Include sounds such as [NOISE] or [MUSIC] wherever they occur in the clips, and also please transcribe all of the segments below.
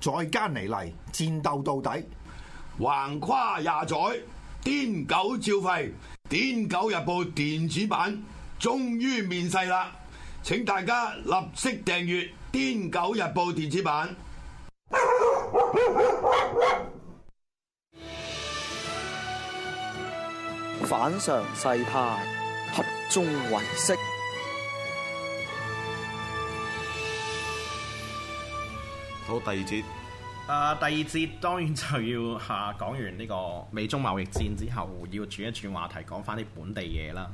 再艱泥嚟，戰鬥到底。橫跨廿載，癲狗照吠。癲狗日報電子版終於面世啦！請大家立即訂閱癲狗日報電子版。反常世態，合眾唯識。好第二節，誒，第二節、呃、當然就要下講、啊、完呢個美中貿易戰之後，要轉一轉話題，講翻啲本地嘢啦。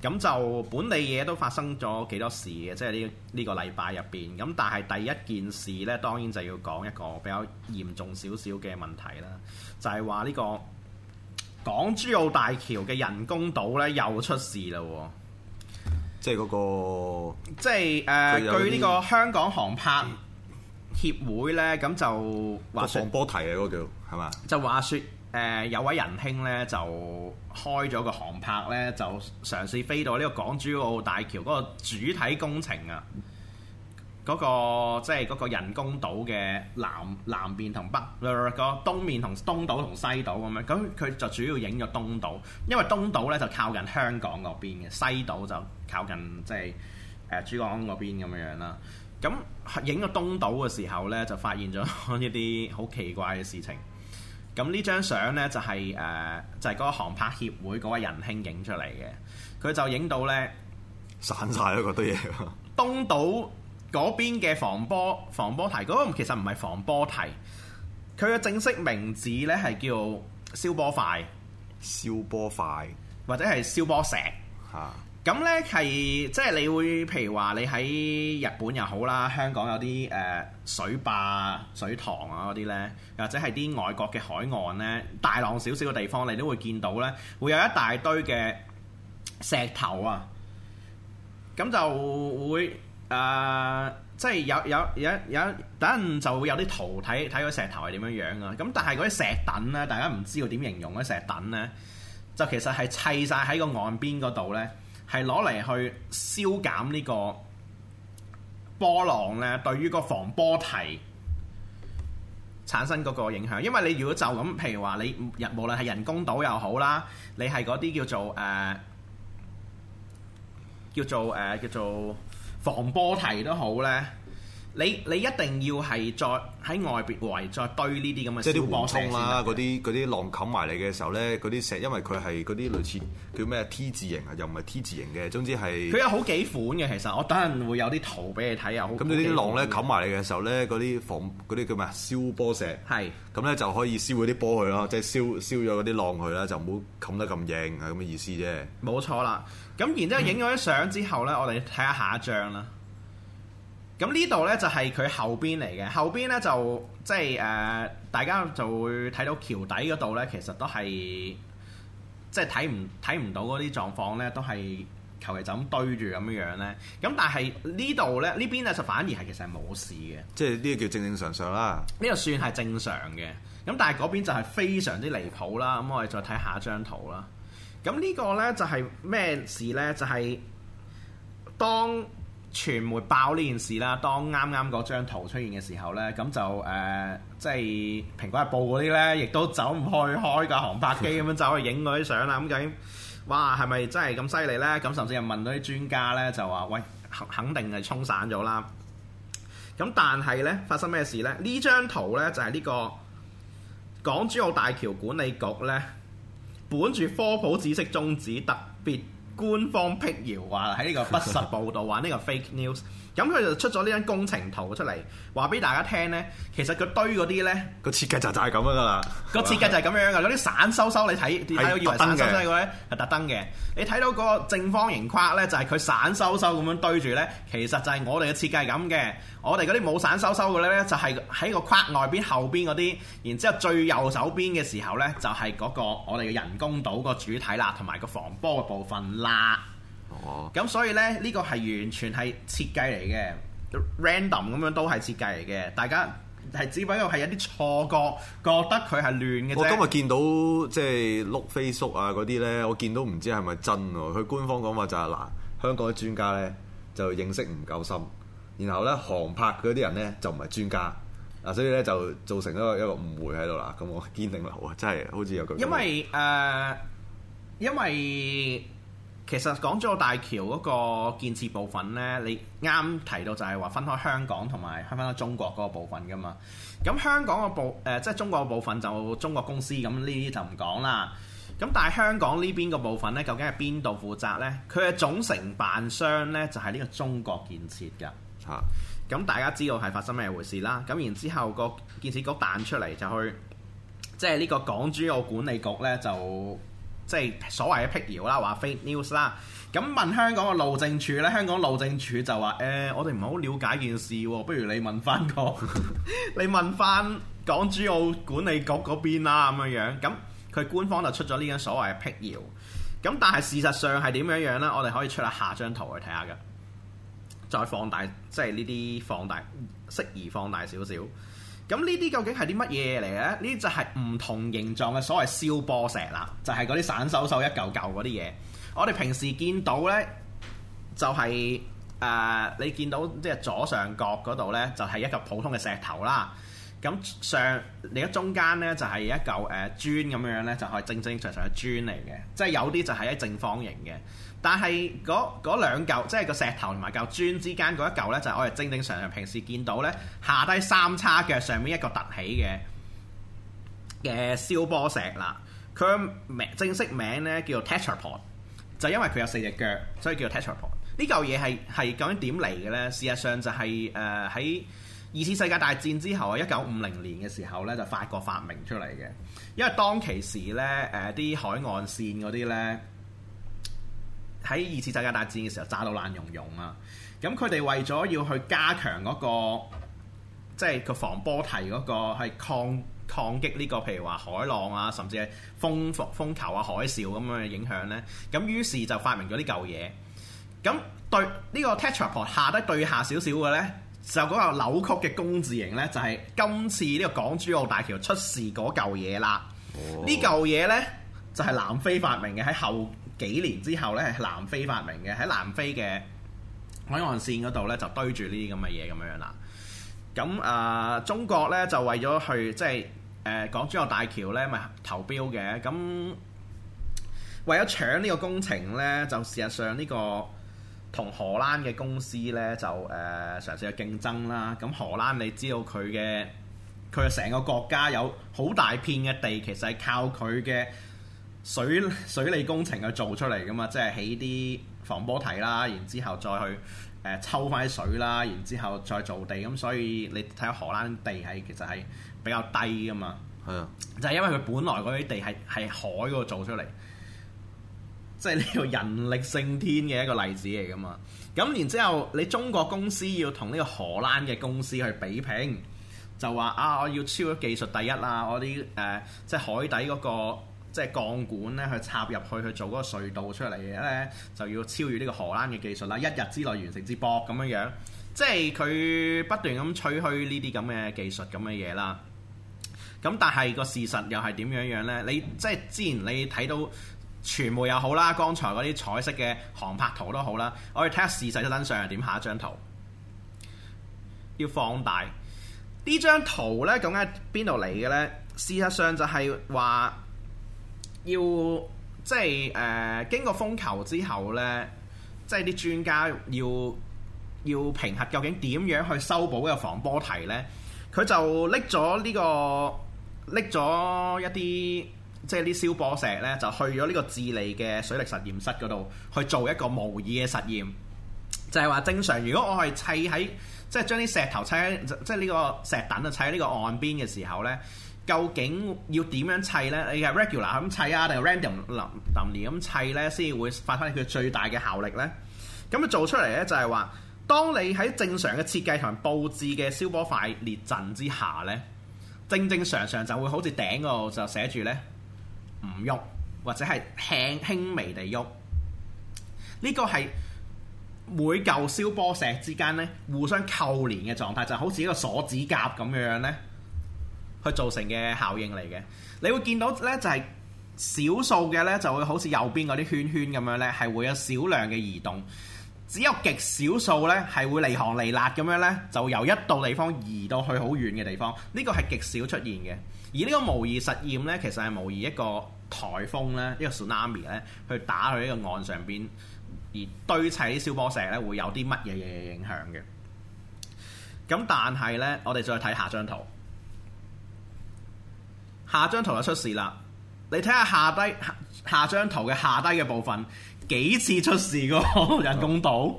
咁就本地嘢都發生咗幾多事嘅，即係呢呢個禮拜入邊。咁但係第一件事呢，當然就要講一個比較嚴重少少嘅問題啦，就係話呢個港珠澳大橋嘅人工島呢又出事啦，即係嗰、嗰個，即係誒，呃、據呢個香港航拍。協會咧，咁就話防波堤啊，嗰個叫係嘛？就話説，誒有位仁兄咧就開咗個航拍咧，就嘗試飛到呢個港珠澳大橋嗰個主體工程啊，嗰個即係嗰個人工島嘅南南面同北，嗰東面同東島同西島咁樣，咁佢就主要影咗東島，因為東島咧就靠近香港嗰邊嘅，西島就靠近即係誒珠江嗰邊咁樣樣啦。咁影個東島嘅時候呢，就發現咗一啲好奇怪嘅事情。咁呢張相呢，就係呃，就係誒，就係嗰個航拍協會嗰位仁兄影出嚟嘅。佢就影到呢，散曬嗰堆嘢。東島嗰邊嘅防波防波堤，嗰個其實唔係防波堤，佢嘅正式名字呢係叫消波塊。消波塊或者係消波石。嚇、啊。咁呢，係即係你會，譬如話你喺日本又好啦，香港有啲誒、呃、水壩、水塘啊嗰啲呢，或者係啲外國嘅海岸呢，大浪少少嘅地方，你都會見到呢，會有一大堆嘅石頭啊。咁就會誒，即、呃、係、就是、有有有有等就會有啲圖睇睇個石頭係點樣樣啊。咁但係嗰啲石凳呢，大家唔知道點形容啲石凳呢，就其實係砌晒喺個岸邊嗰度呢。係攞嚟去消減呢個波浪咧，對於個防波堤產生嗰個影響。因為你如果就咁，譬如話你人無論係人工島又好啦，你係嗰啲叫做誒、呃、叫做誒、呃、叫做防波堤都好呢。你你一定要係再喺外邊圍再堆呢啲咁嘅燒波石啦，嗰啲啲浪冚埋你嘅時候咧，嗰啲石因為佢係嗰啲類似叫咩 T 字型啊，又唔係 T 字型嘅，總之係佢有好幾款嘅其實，我等陣會有啲圖俾你睇啊。咁呢啲浪咧冚埋你嘅時候咧，嗰啲防啲叫咩燒波石，係咁咧就可以燒嗰啲波去咯，即係燒燒咗嗰啲浪去啦，就唔好冚得咁型。係咁嘅意思啫。冇錯啦，咁然之後影咗啲相之後咧，嗯、我哋睇下下一張啦。咁呢度呢，就係、是、佢後邊嚟嘅，後邊呢，就即係誒，大家就會睇到橋底嗰度呢，其實都係即係睇唔睇唔到嗰啲狀況呢，都係求其就咁堆住咁樣樣咧。咁但係呢度呢，呢邊呢，就反而係其實係冇事嘅，即係呢個叫正正常常啦。呢個算係正常嘅，咁但係嗰邊就係非常之離譜啦。咁、嗯、我哋再睇下一張圖啦。咁呢個呢，就係、是、咩事呢？就係、是、當。傳媒爆呢件事啦，當啱啱嗰張圖出現嘅時候呢，咁就誒、呃，即係《蘋果日報》嗰啲呢，亦都走唔去開架航拍機咁樣走去影嗰啲相啦。咁究竟，哇，係咪真係咁犀利呢？咁甚至又問到啲專家呢，就話，喂，肯定係衝散咗啦。咁但係呢，發生咩事呢？呢張圖呢，就係、是、呢個港珠澳大橋管理局呢，本住科普知識宗旨，特別。官方闢謠話，喺呢個不實報道話，呢 [LAUGHS] 個 fake news。咁佢就出咗呢張工程圖出嚟，話俾大家聽呢。其實佢堆嗰啲呢個設計就就係咁樣噶啦。個吧設計就係咁樣噶，嗰啲散收收你睇，你睇到是以為散收收嘅呢係特登嘅。你睇到嗰個正方形框呢，就係、是、佢散收收咁樣堆住呢。其實就係我哋嘅設計咁嘅。我哋嗰啲冇散收收嘅呢，就係、是、喺個框外邊後邊嗰啲。然之後最右手邊嘅時候呢，就係、是、嗰個我哋嘅人工島個主體啦，同埋個防波嘅部分啦。咁、哦、所以咧，呢、這個係完全係設計嚟嘅，random 咁樣都係設計嚟嘅。大家係只不過係有啲錯覺，覺得佢係亂嘅啫。我今日見到即係碌 Facebook 啊嗰啲咧，我見到唔知係咪真。佢官方講話就係、是、嗱，香港啲專家咧就認識唔夠深，然後咧航拍嗰啲人咧就唔係專家啊，所以咧就造成一個一個誤會喺度啦。咁我堅定好，啊，真係好似有咁、呃。因為誒，因為。其實港珠澳大橋嗰個建設部分呢，你啱提到就係話分開香港同埋分開中國嗰個部分㗎嘛。咁香港個部誒、呃、即係中國個部分就中國公司，咁呢啲就唔講啦。咁但係香港呢邊個部分呢，究竟係邊度負責呢？佢嘅總承辦商呢，就係、是、呢個中國建設㗎。嚇、啊！咁大家知道係發生咩回事啦。咁然之後個建設局彈出嚟就去，即係呢個港珠澳管理局呢，就。即係所謂嘅辟謠啦，話 fake news 啦。咁問香港嘅路政署呢，香港路政署就話：誒、欸，我哋唔係好了解件事喎，不如你問翻個， [LAUGHS] 你問翻港珠澳管理局嗰邊啦，咁樣樣。咁佢官方就出咗呢間所謂嘅辟謠。咁但係事實上係點樣樣呢？我哋可以出下下張圖去睇下嘅，再放大，即係呢啲放大，適宜放大少少。咁呢啲究竟係啲乜嘢嚟呢？呢就係唔同形狀嘅所謂消波石啦，就係嗰啲散收收一嚿嚿嗰啲嘢。我哋平時見到呢、就係，就係誒你見到即係左上角嗰度呢，就係一嚿普通嘅石頭啦。咁上你一中間咧就係一嚿誒磚咁樣樣咧，就以、是呃就是、正正常常嘅磚嚟嘅，即係有啲就係一正方形嘅。但係嗰嗰兩嚿，即係個石頭同埋嚿磚之間嗰一嚿咧，就係、是、我哋正正常，常常平時見到咧下低三叉腳，上面一個凸起嘅嘅、消、波石啦。佢名正式名咧叫做 tetrapod，就因為佢有四隻腳，所以叫 tetrapod。呢嚿嘢係係究竟點嚟嘅咧？事實上就係誒喺。呃二次世界大戰之後啊，一九五零年嘅時候咧，就法國發明出嚟嘅。因為當其時咧，誒、呃、啲海岸線嗰啲咧，喺二次世界大戰嘅時候炸到爛融融啊。咁佢哋為咗要去加強嗰、那個，即係個防波堤嗰、那個係抗抗擊呢、這個，譬如話海浪啊，甚至係風風球啊、海嘯咁樣嘅影響咧。咁於是就發明咗啲嚿嘢。咁對呢、這個 Tetrapod 下低對下少少嘅咧。就嗰個扭曲嘅工字形呢，就係、是、今次呢個港珠澳大橋出事嗰嚿嘢啦。呢嚿嘢呢，就係、是、南非發明嘅，喺後幾年之後呢，係南非發明嘅，喺南非嘅海岸線嗰度呢，就堆住呢啲咁嘅嘢咁樣啦。咁啊、呃，中國呢，就為咗去即係誒港珠澳大橋呢，咪投標嘅，咁為咗搶呢個工程呢，就事實上呢、這個。同荷蘭嘅公司呢，就誒、呃、嘗試去競爭啦，咁荷蘭你知道佢嘅佢成個國家有好大片嘅地，其實係靠佢嘅水水利工程去做出嚟噶嘛，即係起啲防波堤啦，然之後再去誒、呃、抽翻啲水啦，然之後再造地，咁、嗯、所以你睇下荷蘭地係其實係比較低噶嘛，係啊的，就係因為佢本來嗰啲地係喺海嗰度做出嚟。即係呢個人力勝天嘅一個例子嚟噶嘛？咁然之後，你中國公司要同呢個荷蘭嘅公司去比拼，就話啊，我要超咗技術第一啦！我啲誒、呃、即係海底嗰、那個即係鋼管咧，去插入去去做嗰個隧道出嚟嘅咧，就要超越呢個荷蘭嘅技術啦！一日之內完成接駁咁樣樣，即係佢不斷咁吹噓呢啲咁嘅技術咁嘅嘢啦。咁但係個事實又係點樣樣咧？你即係之前你睇到。傳媒又好啦，剛才嗰啲彩色嘅航拍圖都好啦，我哋睇下事實真真相係點。下一張圖要放大呢張圖呢，咁喺邊度嚟嘅呢？事實上就係話要即係誒、呃、經過風球之後呢，即係啲專家要要評核究竟點樣去修補個防波堤呢。佢就拎咗呢個拎咗一啲，即係啲燒波石咧，就去咗呢個智利嘅水力實驗室嗰度去做一個模擬嘅實驗。就係、是、話正常，如果我係砌喺即係將啲石頭砌喺即係呢個石凳啊砌喺呢個岸邊嘅時候咧，究竟要點樣砌咧？你係 regular 咁砌啊，定係 random 臨年咁砌咧、啊，先會發揮佢最大嘅效力咧？咁啊，做出嚟咧就係話，當你喺正常嘅設計同佈置嘅燒波塊列陣之下咧，正正常常就會好似頂嗰度就寫住咧。唔喐或者係輕輕微地喐，呢個係每嚿消波石之間咧互相扣連嘅狀態，就是、好似一個鎖子甲咁樣咧，去造成嘅效應嚟嘅。你會見到呢就係、是、少數嘅呢，就會好似右邊嗰啲圈圈咁樣呢係會有少量嘅移動。只有極少數呢，係會離行離辣咁樣呢就由一度地方移到去好遠嘅地方。呢個係極少出現嘅。而呢個模擬實驗呢，其實係模擬一個。颱風呢，一個 tsunami 咧，去打去呢個岸上邊，而堆砌啲小波璃石咧，會有啲乜嘢嘢影響嘅？咁但係呢，我哋再睇下張圖，下張圖就出事啦。你睇下下低下下張圖嘅下低嘅部分，幾次出事個人工島？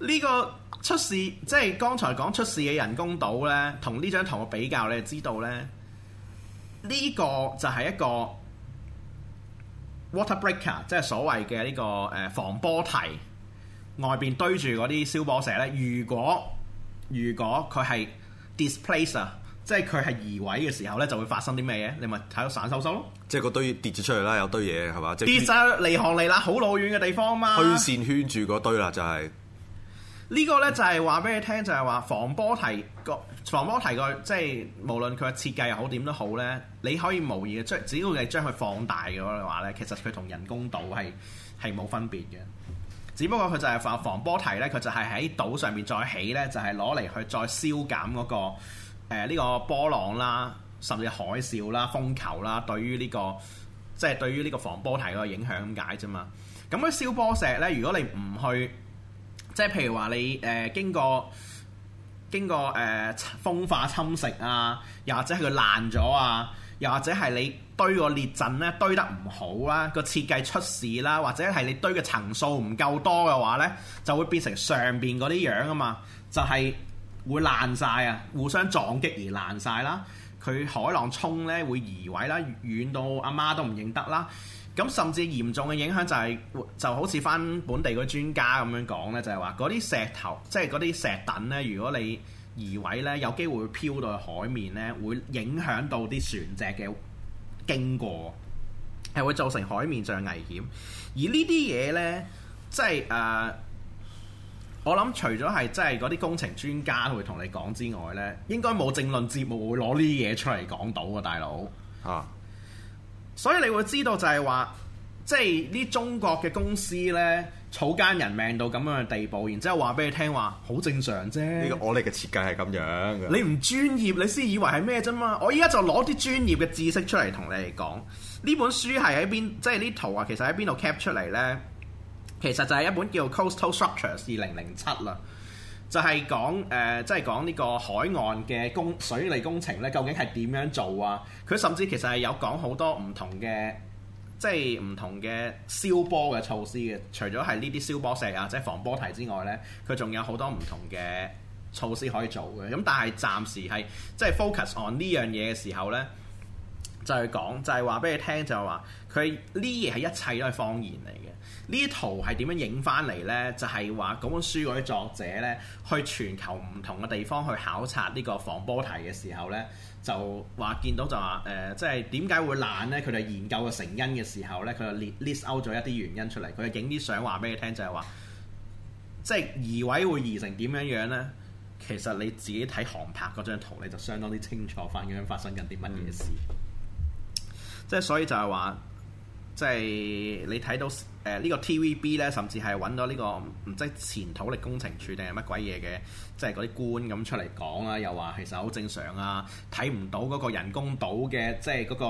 呢好 [LAUGHS] 個出事即係剛才講出事嘅人工島呢，同呢張圖嘅比較，你就知道呢。呢個就係一個 water breaker，即係所謂嘅呢個誒防波堤外邊堆住嗰啲消波石咧。如果如果佢係 displace 啊，即係佢係移位嘅時候咧，就會發生啲咩嘢？你咪睇到散修修咯。即係個堆跌咗出嚟啦，有堆嘢係嘛？跌曬離行離啦，好老遠嘅地方嘛。虛線圈住嗰堆啦，就係、是、呢個咧，就係話俾你聽，就係、是、話防波堤個。防波堤個即係無論佢嘅設計又好點都好咧，你可以模擬嘅，即係只要係將佢放大嘅話咧，其實佢同人工島係係冇分別嘅。只不過佢就係防防波堤咧，佢就係喺島上面再起咧，就係攞嚟去再消減嗰個、誒、呢個波浪啦，甚至海嘯啦、風球啦，對於呢個即係對於呢個防波堤嘅影響咁解啫嘛。咁佢消波石咧，如果你唔去，即係譬如話你誒、呃、經過。經過誒、呃、風化侵蝕啊，又或者係佢爛咗啊，又或者係你堆個裂陣咧堆得唔好啦，個設計出事啦，或者係你堆嘅層數唔夠多嘅話咧，就會變成上邊嗰啲樣啊嘛，就係、是、會爛晒啊，互相撞擊而爛晒啦，佢海浪沖咧會移位啦，遠到阿媽，媽都唔認得啦。咁甚至嚴重嘅影響就係、是、就好似翻本地嗰專家咁樣講呢，就係話嗰啲石頭，即係嗰啲石墩呢，如果你移位呢，有機會會漂到去海面呢，會影響到啲船隻嘅經過，係會造成海面上危險。而呢啲嘢呢，即係誒、呃，我諗除咗係即係嗰啲工程專家會同你講之外呢，應該冇政論節目會攞呢啲嘢出嚟講到㗎，大佬啊。所以你會知道就係話，即係啲中國嘅公司呢，草菅人命到咁樣嘅地步，然之後話俾你聽話，好正常啫。呢個我哋嘅設計係咁樣。你唔專業，你先以為係咩啫嘛？我依家就攞啲專業嘅知識出嚟同你哋講。呢本書係喺邊？即係呢圖啊，其實喺邊度 cap 出嚟呢？其實就係一本叫《Coastal Structures》二零零七啦。就係講誒，即係講呢個海岸嘅工水利工程咧，究竟係點樣做啊？佢甚至其實係有講好多唔同嘅，即係唔同嘅消波嘅措施嘅。除咗係呢啲消波石啊，即係防波堤之外呢，佢仲有好多唔同嘅措施可以做嘅。咁但係暫時係即係 focus on 呢樣嘢嘅時候呢，就係講就係話俾你聽，就係話。佢呢嘢係一切都係方言嚟嘅。呢圖係點樣影翻嚟呢？就係話嗰本書嗰啲作者呢，去全球唔同嘅地方去考察呢個防波堤嘅時候呢，就話見到就話誒，即係點解會爛呢？佢哋研究個成因嘅時候呢，佢就 list out 咗一啲原因出嚟。佢就影啲相話俾你聽，就係話，即係移位會移成點樣樣呢？其實你自己睇航拍嗰張圖咧，你就相當之清楚翻，咁樣發生緊啲乜嘢事。即係、嗯、所以就係話。即係你睇到誒、呃這個、呢個 TVB 咧，甚至係揾到呢、這個唔知前土力工程處定係乜鬼嘢嘅，即係嗰啲官咁出嚟講啦，又話其實好正常啊，睇唔到嗰個人工島嘅即係嗰、那個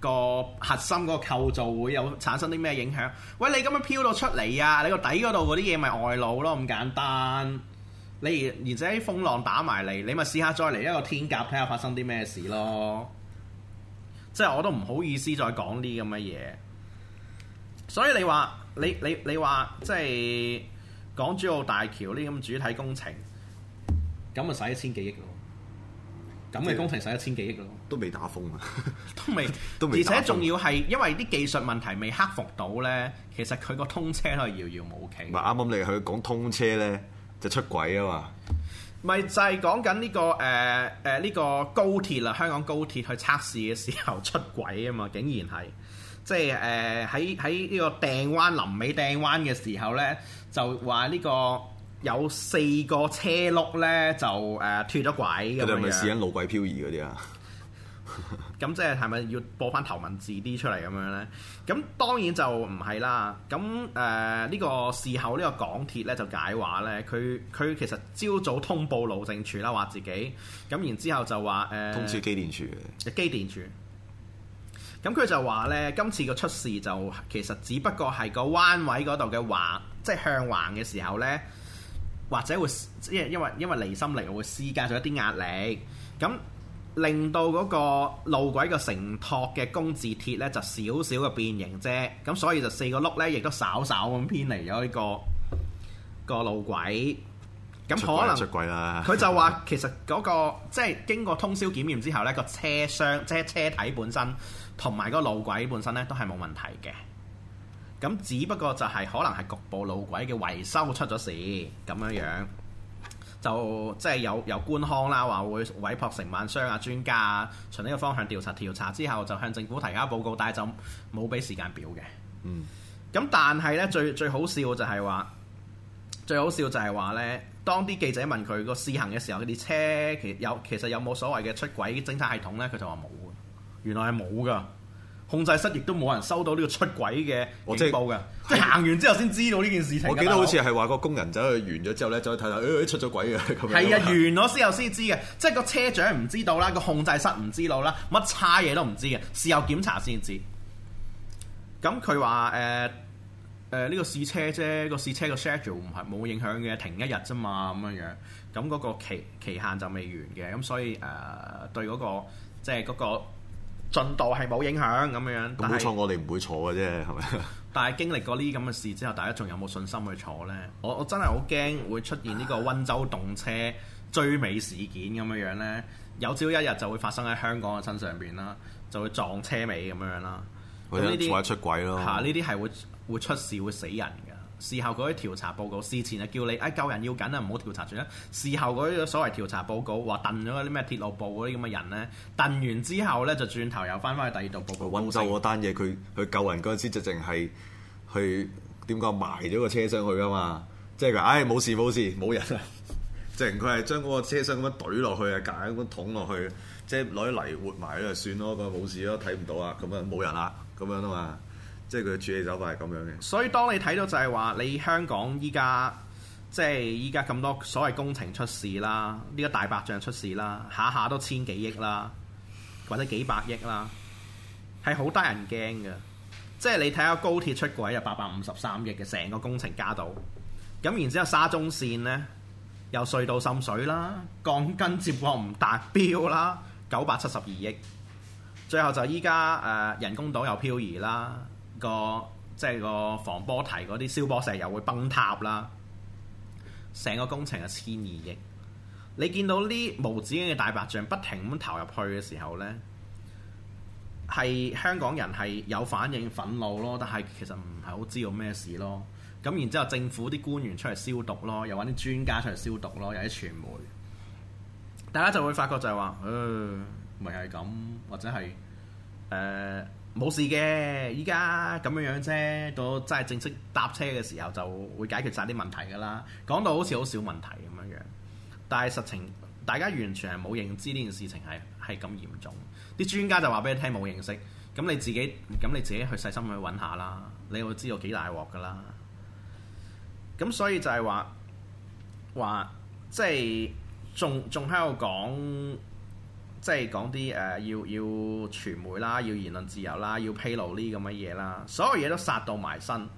那個核心個構造會有產生啲咩影響。喂，你咁樣漂到出嚟啊，你個底嗰度嗰啲嘢咪外露咯，咁簡單。你而而啲風浪打埋嚟，你咪試下再嚟一個天鴿睇下發生啲咩事咯。即係我都唔好意思再講啲咁嘅嘢，所以你話你你你話即係港珠澳大橋呢咁主體工程，咁啊使一千幾億咯，咁嘅工程使一千幾億咯，都未打風啊，都 [LAUGHS] 未，而且仲要係因為啲技術問題未克服到呢。其實佢個通車都係遙遙冇期。嗱，啱啱你去講通車呢，就出軌啊嘛～咪就係講緊呢個誒誒呢個高鐵啊，香港高鐵去測試嘅時候出軌啊嘛，竟然係即係誒喺喺呢個掟彎臨尾掟彎嘅時候咧，就話呢個有四個車轆咧就誒脫咗軌咁樣。佢哋咪試緊路軌漂移嗰啲啊？咁 [LAUGHS] 即係係咪要播翻頭文字啲出嚟咁樣呢？咁當然就唔係啦。咁誒，呢、呃呢個事後呢個港鐵呢就解話呢，佢佢其實朝早通報路政處啦，話自己咁，然之後就話誒，呃、通知機電處嘅，誒機電處。咁佢就話呢，今次個出事就其實只不過係個彎位嗰度嘅橫，即係向橫嘅時候呢，或者會因為因為，因為離心力會施加咗一啲壓力咁。令到嗰個路軌嘅承托嘅工字鐵呢就少少嘅變形啫。咁所以就四個轆呢亦都稍稍咁偏離咗，呢個個路軌。咁軌可能出軌啦。佢 [LAUGHS] 就話其實嗰、嗰個即係經過通宵檢驗之後呢個車廂即係車體本身同埋個路軌本身呢都係冇問題嘅。咁只不過就係、是、可能係局部路軌嘅維修出咗事咁樣樣。就即係有有官腔啦，話會委託承辦商啊、專家啊，循呢個方向調查調查之後，就向政府提交報告，但係就冇俾時間表嘅。嗯。咁但係呢，最最好笑就係話，最好笑就係話呢。當啲記者問佢個試行嘅時候，佢啲車其有其實有冇所謂嘅出軌偵查系統呢？佢就話冇，原來係冇㗎。控制室亦都冇人收到呢個出軌嘅警報嘅，即係行完之後先知道呢件事情。我記得好似係話個工人走去完咗之後咧，再睇下，誒，出咗軌啊！係啊的，樣完咗先有先知嘅，即係個車長唔知道啦，個控制室唔知道啦，乜差嘢都唔知嘅，事後檢查先知。咁佢話誒誒呢個試車啫，個試車個 schedule 唔係冇影響嘅，停一日啫嘛咁樣樣。咁、那、嗰個期期限就未完嘅，咁所以誒、呃、對嗰個即係嗰個。就是那個進度係冇影響咁樣樣，冇錯，我哋唔會坐嘅啫，係咪？但係經歷過呢啲咁嘅事之後，大家仲有冇信心去坐呢？我我真係好驚會出現呢個溫州動車追尾事件咁樣樣咧，有朝一日就會發生喺香港嘅身上邊啦，就會撞車尾咁樣樣啦，或者或者出軌咯，呢啲係會會出事會死人。事後嗰啲調查報告，事前就叫你，哎救人要緊啊，唔好調查住啦。事後嗰啲所謂調查報告，話燉咗嗰啲咩鐵路部嗰啲咁嘅人咧，燉完之後咧就轉頭又翻翻去第二度報告。溫州嗰單嘢，佢佢救人嗰陣時就，就淨係去點講埋咗個車廂去噶、就是、嘛，即係佢，唉，冇事冇事冇人啊，即係佢係將嗰個車廂咁樣懟落去啊，夾硬咁捅落去，即係攞啲泥活埋咗就算咯，咁啊冇事咯，睇唔到啊，咁啊冇人啦，咁樣啊嘛。即係佢嘅處理手法係咁樣嘅，所以當你睇到就係話你香港依家即係依家咁多所謂工程出事啦，呢個大白象出事啦，下下都千幾億啦，或者幾百億啦，係好得人驚嘅。即係你睇下高鐵出軌有八百五十三億嘅成個工程加到咁，然之後沙中線呢，又隧道滲水啦，鋼筋接駁唔達標啦，九百七十二億，最後就依家誒人工島又漂移啦。個即係個防波堤嗰啲消波石又會崩塌啦，成個工程係千二億，你見到呢無止境嘅大白象不停咁投入去嘅時候呢，係香港人係有反應憤怒咯，但係其實唔係好知道咩事咯。咁然之後政府啲官員出嚟消毒咯，又揾啲專家出嚟消毒咯，有啲傳媒，大家就會發覺就係話，誒、呃，咪係咁，或者係誒。呃冇事嘅，依家咁樣樣啫，到真係正式搭車嘅時候就會解決晒啲問題㗎啦。講到好似好少問題咁樣樣，但係實情大家完全係冇認知呢件事情係係咁嚴重。啲專家就話俾你聽冇認識，咁你自己咁你自己去細心去揾下啦，你會知道幾大鑊㗎啦。咁所以就係話，話即係仲仲喺度講。就是即係講啲誒要要傳媒啦，要言論自由啦，要披露呢啲咁嘅嘢啦，所有嘢都殺到埋身。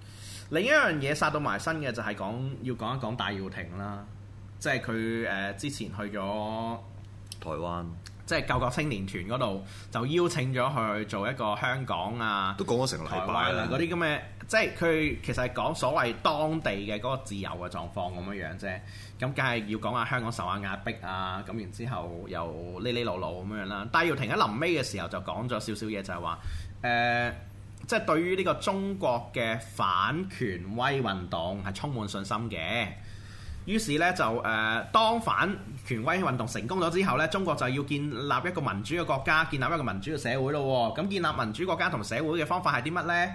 另一樣嘢殺到埋身嘅就係講要講一講戴耀廷啦，即係佢誒之前去咗台灣，即係救國青年團嗰度就邀請咗佢去做一個香港啊，都講咗成個禮拜啦、啊，嗰啲咁嘅。即係佢其實係講所謂當地嘅嗰個自由嘅狀況咁樣樣啫，咁梗係要講下香港受壓壓迫啊，咁然之後又呢呢路路咁樣啦。戴耀廷喺臨尾嘅時候就講咗少少嘢，就係話誒，即係對於呢個中國嘅反權威運動係充滿信心嘅。於是呢，就誒、呃，當反權威運動成功咗之後呢，中國就要建立一個民主嘅國家，建立一個民主嘅社會咯、哦。咁建立民主國家同社會嘅方法係啲乜呢？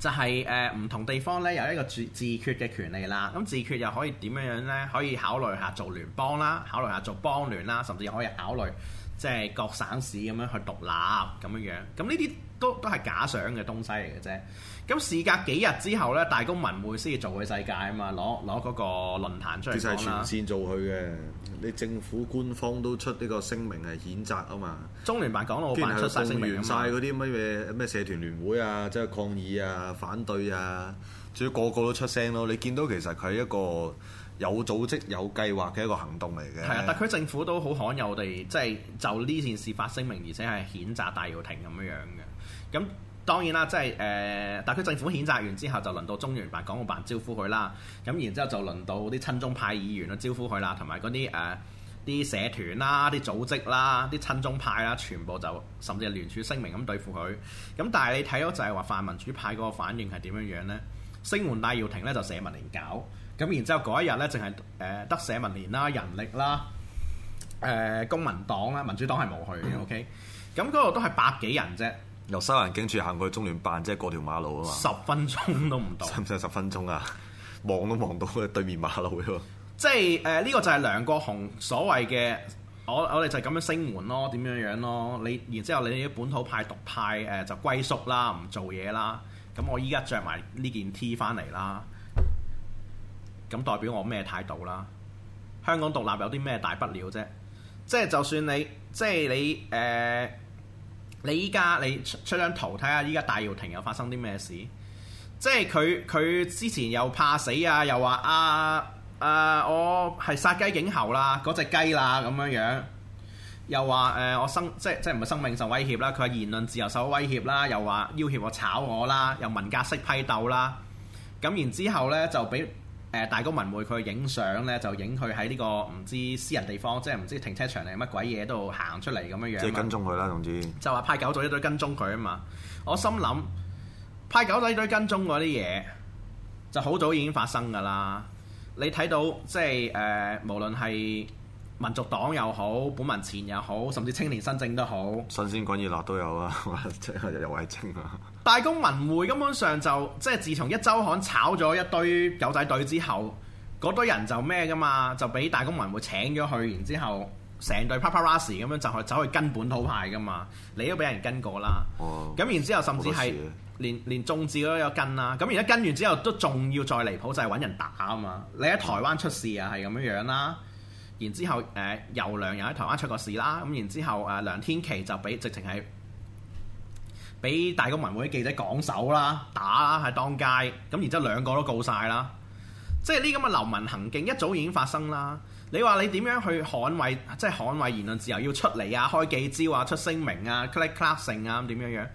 就係誒唔同地方咧有一個自自決嘅權利啦，咁自決又可以點樣樣咧？可以考慮下做聯邦啦，考慮下做邦聯啦，甚至可以考慮即係各省市咁樣去獨立咁樣樣，咁呢啲都都係假想嘅東西嚟嘅啫。咁事隔幾日之後咧，大公文匯先做佢世界啊嘛，攞攞嗰個論壇出嚟講啦。其實係全線做佢嘅，你政府官方都出呢個聲明係譴責啊嘛。中聯辦講咯，我辦出曬聲明。晒嗰啲乜嘢咩社團聯會啊，即係抗議啊、反對啊，至於個個都出聲咯。你見到其實佢係一個有組織、有計劃嘅一個行動嚟嘅。係啊，特區政府都好罕有地，我哋即係就呢件事發聲明，而且係譴責戴耀廷咁樣樣嘅。咁當然啦，即係誒，特區政府譴責完之後，就輪到中聯辦、港澳辦招呼佢啦。咁然之後就輪到啲親中派議員啦招呼佢啦，同埋嗰啲誒啲社團啦、啲組織啦、啲親中派啦，全部就甚至聯署聲明咁對付佢。咁但係你睇到就係話泛民主派嗰個反應係點樣樣呢？聲援戴耀廷咧就社民連搞，咁然之後嗰一日咧，淨係誒得社民連啦、人力啦、誒、呃、公民黨啦、民主黨係冇去嘅。O K，咁嗰度都係百幾人啫。由西環警署行過去中聯辦，即係過條馬路啊嘛，十分鐘都唔到，使唔使十分鐘啊？望 [LAUGHS] 都望到佢對面馬路喎，即係誒呢個就係梁國雄所謂嘅，我我哋就咁樣升門咯，點樣樣咯？你然之後你啲本土派、獨派誒、呃、就歸宿啦，唔做嘢啦。咁我依家着埋呢件 T 翻嚟啦，咁代表我咩態度啦？香港獨立有啲咩大不了啫？即係就算你，即係你誒。呃你依家你出出張圖睇下，依家戴耀廷又發生啲咩事？即係佢佢之前又怕死啊，又話啊啊，我係殺雞儆猴啦，嗰隻雞啦咁樣樣，又話誒、呃、我生即係即係唔係生命受威脅啦？佢係言論自由受威脅啦，又話要挾我炒我啦，又文革式批鬥啦，咁然之後呢，就俾。誒大公文匯佢影相咧，就影佢喺呢個唔知私人地方，即係唔知停車場定乜鬼嘢度行出嚟咁樣樣。即係跟蹤佢啦，總之就話派狗仔隊跟蹤佢啊嘛！我心諗派狗仔隊跟蹤嗰啲嘢，就好早已經發生噶啦。你睇到即係誒、呃，無論係。民族黨又好，本民前又好，甚至青年新政都好，新鮮滾熱辣都有啊！即 [LAUGHS] 係又為政啊！大公文匯根本上就即係自從一周刊炒咗一堆狗仔隊之後，嗰堆人就咩噶嘛？就俾大公文匯請咗去，然之後成隊 paparazzi 咁樣就去走去跟本土派噶嘛？你都俾人跟過啦。哦。咁然之後，甚至係連連眾志都有跟啦。咁而家跟完之後，都仲要再離譜就係、是、揾人打啊嘛！你喺台灣出事啊，係咁樣樣啦。然之後，誒游梁又喺台灣出過事啦。咁然之後，誒、呃、梁天琦就俾直情係俾大公文匯記者講手啦、打啦，喺當街。咁然之後兩個都告晒啦。即係呢咁嘅流氓行徑，一早已經發生啦。你話你點樣去捍衞，即係捍衞言論自由？要出嚟啊，開記招會啊，出聲明啊，click c l a c k 聲啊，點樣樣、啊？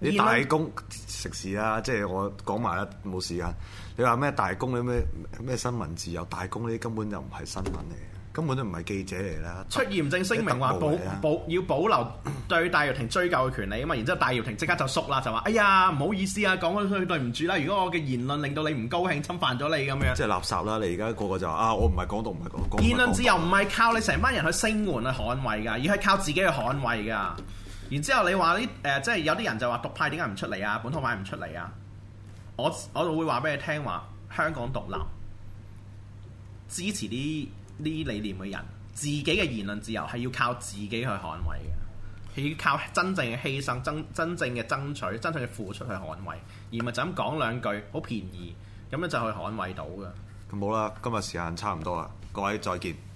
啲大公食事啊，即係我講埋啦，冇時間。你話咩大公嗰咩咩新聞自由，大公呢啲根本就唔係新聞嚟嘅，根本都唔係記者嚟啦。出嚴正聲明話保保要保，保，保留對戴耀廷追究嘅權利啊嘛，然之後戴耀廷即刻就縮啦，就話哎呀唔好意思啊，講句對唔住啦，如果我嘅言論令到你唔高興，侵犯咗你咁樣。即係垃圾啦！你而家個個就話啊，我唔係講到唔係講。言論自由唔係靠你成班人去聲援去捍衞㗎，而係靠自己去捍衞㗎。然之後你話啲誒，即係有啲人就話獨派點解唔出嚟啊？本土派唔出嚟啊！我我就會話俾你聽話，香港獨立支持啲呢理念嘅人，自己嘅言論自由係要靠自己去捍衛嘅，係要靠真正嘅犧牲、真真正嘅爭取、真正嘅付出去捍衛，而唔係就咁講兩句好便宜咁樣就去捍衛到嘅。咁好啦，今日時間差唔多啦，各位再見。